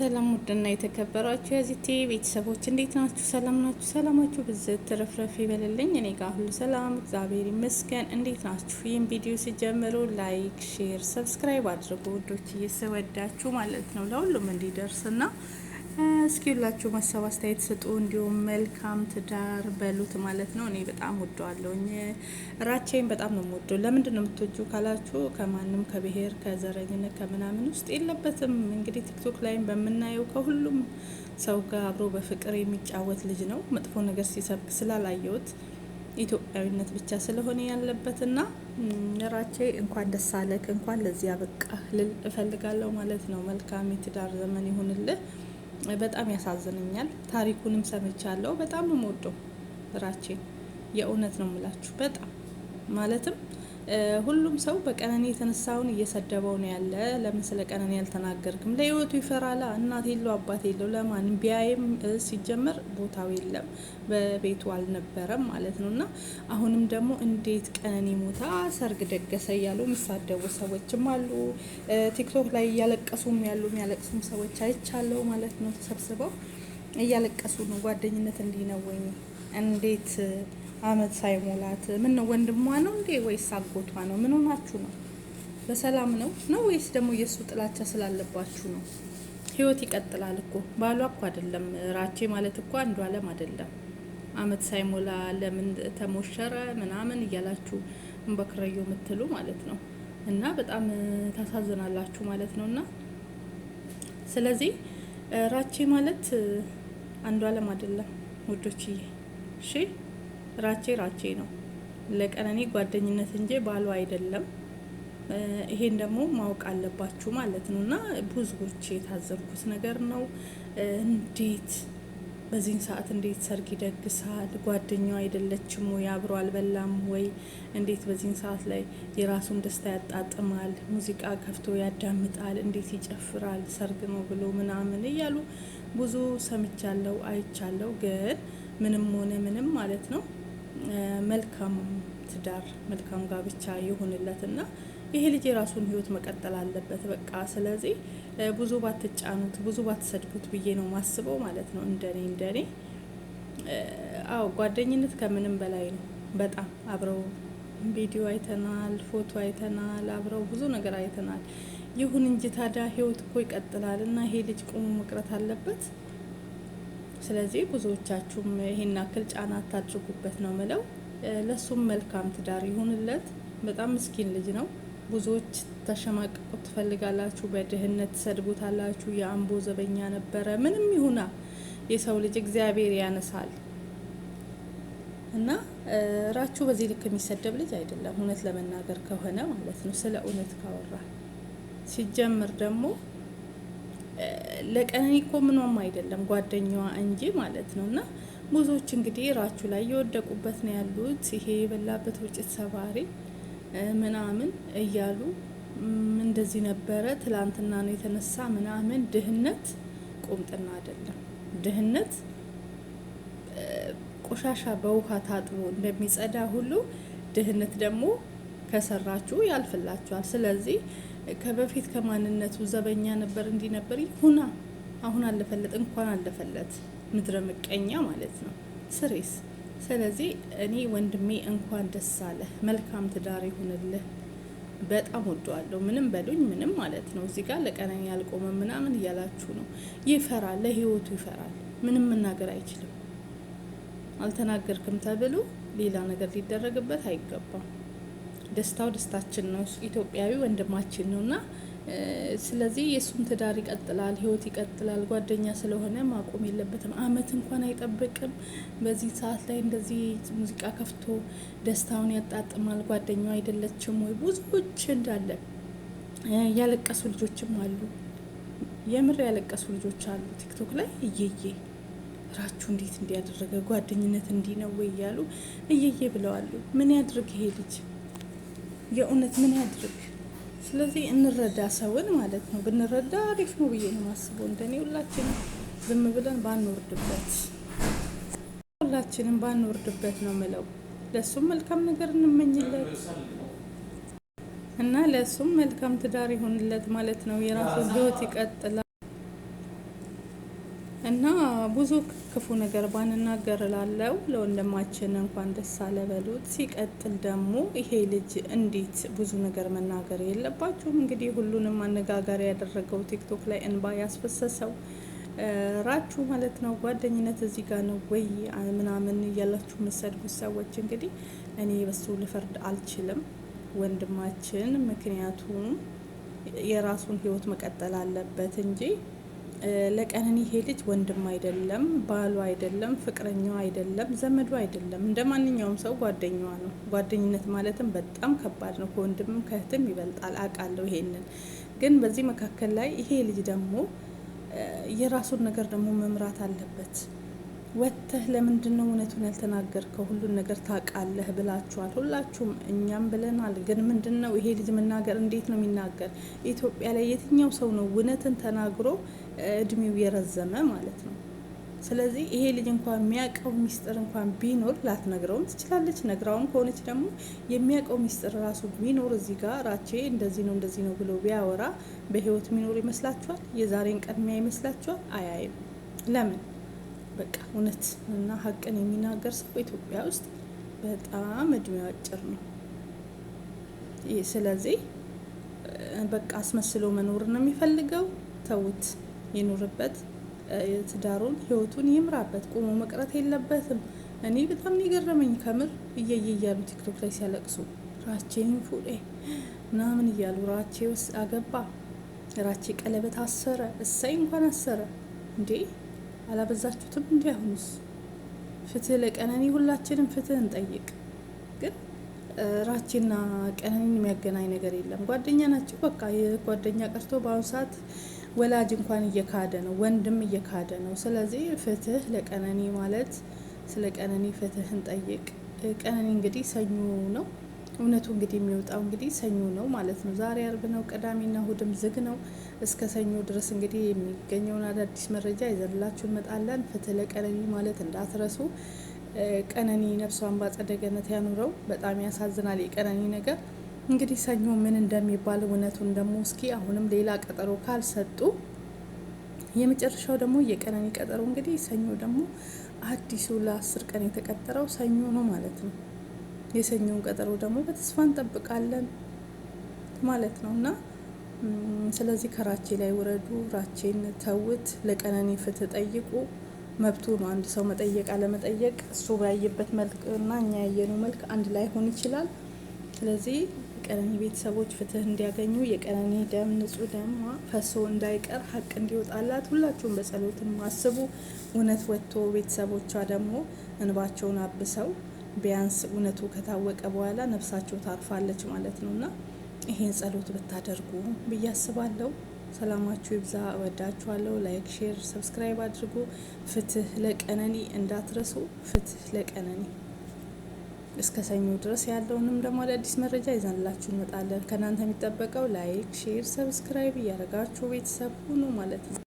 ሰላም ውድና የተከበራችሁ የዚቴ ቤተሰቦች እንዴት ናችሁ? ሰላም ናችሁ? ሰላማችሁ ብዝት ትረፍረፍ ይበልልኝ። እኔ ጋር ሁሉ ሰላም እግዚአብሔር ይመስገን። እንዴት ናችሁ? ይህን ቪዲዮ ሲጀምሩ ላይክ፣ ሼር፣ ሰብስክራይብ አድርጉ ውዶች፣ እየሰወዳችሁ ማለት ነው ለሁሉም እንዲደርስና እስኪ ሁላችሁ ሀሳብ አስተያየት ስጡ። እንዲሁም መልካም ትዳር በሉት ማለት ነው። እኔ በጣም ወደዋለሁኝ። ራቼን በጣም ነው የምወደው። ለምንድን ነው የምትወጂው ካላችሁ ከማንም ከብሄር ከዘረኝነት ከምናምን ውስጥ የለበትም። እንግዲህ ቲክቶክ ላይም በምናየው ከሁሉም ሰው ጋር አብሮ በፍቅር የሚጫወት ልጅ ነው። መጥፎ ነገር ሲሰብክ ስላላየሁት ኢትዮጵያዊነት ብቻ ስለሆነ ያለበትና ራቼ እንኳን ደስ አለክ እንኳን ለዚያ በቃ ልል እፈልጋለሁ ማለት ነው። መልካም የትዳር ዘመን ይሁንልህ። በጣም ያሳዝነኛል። ታሪኩንም ሰምቻለሁ። በጣም ነው የምወደው ራቼ፣ የእውነት ነው የምላችሁ። በጣም ማለትም ሁሉም ሰው በቀነኔ የተነሳውን እየሰደበው ነው ያለ። ለምን ስለ ቀነኔ ያልተናገርክም? ለህይወቱ ይፈራላ። እናት የለው አባት የለው ለማን ቢያይም ሲጀመር ቦታው የለም በቤቱ አልነበረም ማለት ነው። እና አሁንም ደግሞ እንዴት ቀነኔ ሞታ ሰርግ ደገሰ እያሉ የሚሳደቡ ሰዎችም አሉ። ቲክቶክ ላይ እያለቀሱም ያሉ የሚያለቅሱም ሰዎች አይቻለው ማለት ነው። ተሰብስበው እያለቀሱ ነው። ጓደኝነት እንዲነወኝ እንዴት አመት ሳይሞላት ምን ነው ወንድሟ ነው እንዴ ወይስ አጎቷ ነው? ምን ሆናችሁ ነው? በሰላም ነው ነው ወይስ ደግሞ የእሱ ጥላቻ ስላለባችሁ ነው? ህይወት ይቀጥላል እኮ ባሏ እኮ አይደለም ራቼ ማለት እኮ አንዱ አለም አይደለም። አመት ሳይሞላ ለምን ተሞሸረ ምናምን እያላችሁ እንበክረዩ የምትሉ ማለት ነው። እና በጣም ታሳዝናላችሁ ማለት ነው። እና ስለዚህ ራቼ ማለት አንዱ አለም አይደለም ውዶችዬ፣ ራቼ ራቼ ነው። ለቀነኒ ጓደኝነት እንጂ ባሏ አይደለም። ይሄን ደግሞ ማወቅ አለባችሁ ማለት ነው። እና ብዙዎች የታዘብኩት ነገር ነው። እንዴት በዚህን ሰዓት እንዴት ሰርግ ይደግሳል? ጓደኛው አይደለችም ወይ? አብሮ አልበላም ወይ? እንዴት በዚህን ሰዓት ላይ የራሱን ደስታ ያጣጥማል? ሙዚቃ ከፍቶ ያዳምጣል? እንዴት ይጨፍራል? ሰርግ ነው ብሎ ምናምን እያሉ ብዙ ሰምቻለሁ፣ አይቻለሁ። ግን ምንም ሆነ ምንም ማለት ነው መልካም ትዳር መልካም ጋብቻ ይሁንለት እና ይሄ ልጅ የራሱን ህይወት መቀጠል አለበት። በቃ ስለዚህ ብዙ ባትጫኑት፣ ብዙ ባትሰድቡት ብዬ ነው ማስበው ማለት ነው። እንደኔ እንደኔ አዎ ጓደኝነት ከምንም በላይ ነው። በጣም አብረው ቪዲዮ አይተናል፣ ፎቶ አይተናል፣ አብረው ብዙ ነገር አይተናል። ይሁን እንጂ ታዲያ ህይወት እኮ ይቀጥላል እና ይሄ ልጅ ቁሙ መቅረት አለበት። ስለዚህ ብዙዎቻችሁም ይሄን አክል ጫና አታድርጉበት ነው ምለው። ለሱም መልካም ትዳር ይሁንለት። በጣም ምስኪን ልጅ ነው። ብዙዎች ተሸማቀቁ ትፈልጋላችሁ፣ በድህነት ትሰድቡታላችሁ። የአምቦ ዘበኛ ነበረ። ምንም ይሁና የሰው ልጅ እግዚአብሔር ያነሳል እና ራቹ በዚህ ልክ የሚሰደብ ልጅ አይደለም፣ እውነት ለመናገር ከሆነ ማለት ነው። ስለ እውነት ካወራ ሲጀምር ደግሞ ለቀነኒ እኮ ምንም አይደለም ጓደኛዋ እንጂ ማለት ነው። እና ብዙዎች እንግዲህ ራችሁ ላይ የወደቁበት ነው ያሉት። ይሄ የበላበት ውጭት ሰባሪ ምናምን እያሉ እንደዚህ ነበረ። ትላንትና ነው የተነሳ ምናምን። ድህነት ቁምጥና አይደለም። ድህነት ቆሻሻ በውሃ ታጥቦ እንደሚጸዳ ሁሉ ድህነት ደግሞ ከሰራችሁ ያልፍላችኋል። ስለዚህ ከበፊት ከማንነቱ ዘበኛ ነበር፣ እንዲህ ነበር ይሁና። አሁን አለፈለት እንኳን አለፈለት፣ ምድረ ምቀኛ ማለት ነው ስሬስ። ስለዚህ እኔ ወንድሜ እንኳን ደስ አለህ፣ መልካም ትዳር ይሁንልህ። በጣም ወደዋለሁ። ምንም በሉኝ ምንም ማለት ነው። እዚህ ጋር ለቀነኝ ያልቆመ ምናምን እያላችሁ ነው። ይፈራል፣ ለህይወቱ ይፈራል። ምንም መናገር አይችልም። አልተናገርክም ተብሎ ሌላ ነገር ሊደረግበት አይገባም። ደስታው ደስታችን ነው፣ ኢትዮጵያዊ ወንድማችን ነው እና ስለዚህ የእሱም ትዳር ይቀጥላል፣ ህይወት ይቀጥላል። ጓደኛ ስለሆነ ማቆም የለበትም። አመት እንኳን አይጠብቅም። በዚህ ሰዓት ላይ እንደዚህ ሙዚቃ ከፍቶ ደስታውን ያጣጥማል። ጓደኛው አይደለችም ወይ? ብዙዎች እንዳለ ያለቀሱ ልጆችም አሉ። የምር ያለቀሱ ልጆች አሉ። ቲክቶክ ላይ እየዬ ራችሁ እንዴት እንዲያደረገ ጓደኝነት እንዲህ ነው ወይ እያሉ እየዬ ብለዋሉ። ምን ያድርግ ይሄ ልጅ? የእውነት ምን ያድርግ። ስለዚህ እንረዳ ሰውን ማለት ነው። ብንረዳ አሪፍ ነው ብዬ ነው የማስበው። እንደኔ ሁላችንም ዝም ብለን ባንወርድበት፣ ሁላችንም ባንወርድበት ነው ምለው። ለእሱም መልካም ነገር እንመኝለት እና ለእሱም መልካም ትዳር ይሆንለት ማለት ነው። የራሱ ህይወት ይቀጥላል። ብዙ ክፉ ነገር ባንናገር ላለው ለወንድማችን እንኳን ደስ አለበሉት። ሲቀጥል ደግሞ ይሄ ልጅ እንዴት ብዙ ነገር መናገር የለባቸውም። እንግዲህ ሁሉንም አነጋጋሪ ያደረገው ቲክቶክ ላይ እንባ ያስፈሰሰው ራችሁ ማለት ነው። ጓደኝነት እዚህ ጋር ነው ወይ ምናምን እያላችሁ የምትሰድቡት ሰዎች እንግዲህ እኔ በሱ ልፈርድ አልችልም ወንድማችን፣ ምክንያቱም የራሱን ህይወት መቀጠል አለበት እንጂ ለቀነኒ ይሄ ልጅ ወንድም አይደለም፣ ባሉ አይደለም፣ ፍቅረኛው አይደለም፣ ዘመዱ አይደለም። እንደ ማንኛውም ሰው ጓደኛዋ ነው። ጓደኝነት ማለትም በጣም ከባድ ነው። ከወንድምም ከእህትም ይበልጣል። አውቃለሁ ይሄንን። ግን በዚህ መካከል ላይ ይሄ ልጅ ደግሞ የራሱን ነገር ደግሞ መምራት አለበት። ወጥተህ ለምንድን ነው እውነቱን ያልተናገርከው? ሁሉን ነገር ታውቃለህ ብላችኋል፣ ሁላችሁም እኛም ብለናል። ግን ምንድን ነው ይሄ ልጅ መናገር እንዴት ነው የሚናገር? ኢትዮጵያ ላይ የትኛው ሰው ነው እውነትን ተናግሮ እድሜው የረዘመ ማለት ነው። ስለዚህ ይሄ ልጅ እንኳን የሚያውቀው ሚስጥር እንኳን ቢኖር ላትነግረውም ትችላለች። ነግራውም ከሆነች ደግሞ የሚያውቀው ሚስጥር ራሱ ቢኖር እዚህ ጋር ራቼ እንደዚህ ነው እንደዚህ ነው ብሎ ቢያወራ በህይወት የሚኖር ይመስላችኋል? የዛሬን ቀን ሚያ ይመስላችኋል? አያይም። ለምን በቃ እውነት እና ሀቅን የሚናገር ሰው ኢትዮጵያ ውስጥ በጣም እድሜው አጭር ነው። ስለዚህ በቃ አስመስሎ መኖር ነው የሚፈልገው። ተውት። ይኑርበት፣ ትዳሩን ህይወቱን ይምራበት፣ ቆሞ መቅረት የለበትም። እኔ በጣም የገረመኝ ከምር እየየ እያሉ ቲክቶክ ላይ ሲያለቅሱ ራቼን ፉዴ ምናምን እያሉ ራቼ ውስጥ አገባ፣ ራቼ ቀለበት አሰረ፣ እሰይ እንኳን አሰረ እንዴ! አላበዛችሁትም? እንዲ አሁኑስ ፍትህ ለቀነኒ ሁላችንም ፍትህ እንጠይቅ። ግን ራቼና ቀነኒን የሚያገናኝ ነገር የለም። ጓደኛ ናቸው፣ በቃ የጓደኛ ቀርቶ በአሁኑ ሰዓት ወላጅ እንኳን እየካደ ነው፣ ወንድም እየካደ ነው። ስለዚህ ፍትህ ለቀነኒ ማለት ስለ ቀነኒ ፍትህ እንጠይቅ። ቀነኒ እንግዲህ ሰኞ ነው እውነቱ እንግዲህ የሚወጣው እንግዲህ ሰኞ ነው ማለት ነው። ዛሬ አርብ ነው፣ ቅዳሜና እሁድም ዝግ ነው። እስከ ሰኞ ድረስ እንግዲህ የሚገኘውን አዳዲስ መረጃ ይዘንላችሁ እንመጣለን። ፍትህ ለቀነኒ ማለት እንዳትረሱ። ቀነኒ ነፍሷን ባጸደገነት ገነት ያኑረው። በጣም ያሳዝናል የቀነኒ ነገር። እንግዲህ ሰኞ ምን እንደሚባል እውነቱን ደግሞ እስኪ አሁንም ሌላ ቀጠሮ ካልሰጡ የመጨረሻው ደግሞ የቀነኒ ቀጠሮ እንግዲህ ሰኞ ደግሞ አዲሱ ለአስር ቀን የተቀጠረው ሰኞ ነው ማለት ነው። የሰኞውን ቀጠሮ ደግሞ በተስፋ እንጠብቃለን ማለት ነው እና ስለዚህ ከራቼ ላይ ውረዱ፣ ራቼን ተውት፣ ለቀነኒ ፍትህ ጠይቁ። መብቱ ነው። አንድ ሰው መጠየቅ አለመጠየቅ እሱ ባየበት መልክ እና እኛ ያየነው መልክ አንድ ላይ ሆን ይችላል። ስለዚህ የቀነኒ ቤተሰቦች ፍትህ እንዲያገኙ የቀነኒ ደም ንጹህ ደም ፈሶ እንዳይቀር ሀቅ እንዲወጣላት ሁላችሁም በጸሎትም አስቡ። እውነት ወጥቶ ቤተሰቦቿ ደግሞ እንባቸውን አብሰው ቢያንስ እውነቱ ከታወቀ በኋላ ነፍሳቸው ታርፋለች ማለት ነው እና ይሄን ጸሎት ብታደርጉ ብዬ አስባለሁ። ሰላማችሁ ይብዛ። እወዳችኋለሁ። ላይክ፣ ሼር፣ ሰብስክራይብ አድርጉ። ፍትህ ለቀነኒ እንዳትረሱ። ፍትህ ለቀነኒ እስከ ሰኞ ድረስ ያለውንም ደግሞ አዳዲስ መረጃ ይዘንላችሁ እንመጣለን። ከእናንተ የሚጠበቀው ላይክ፣ ሼር፣ ሰብስክራይብ እያደረጋችሁ ቤተሰብ ሁኑ ማለት ነው።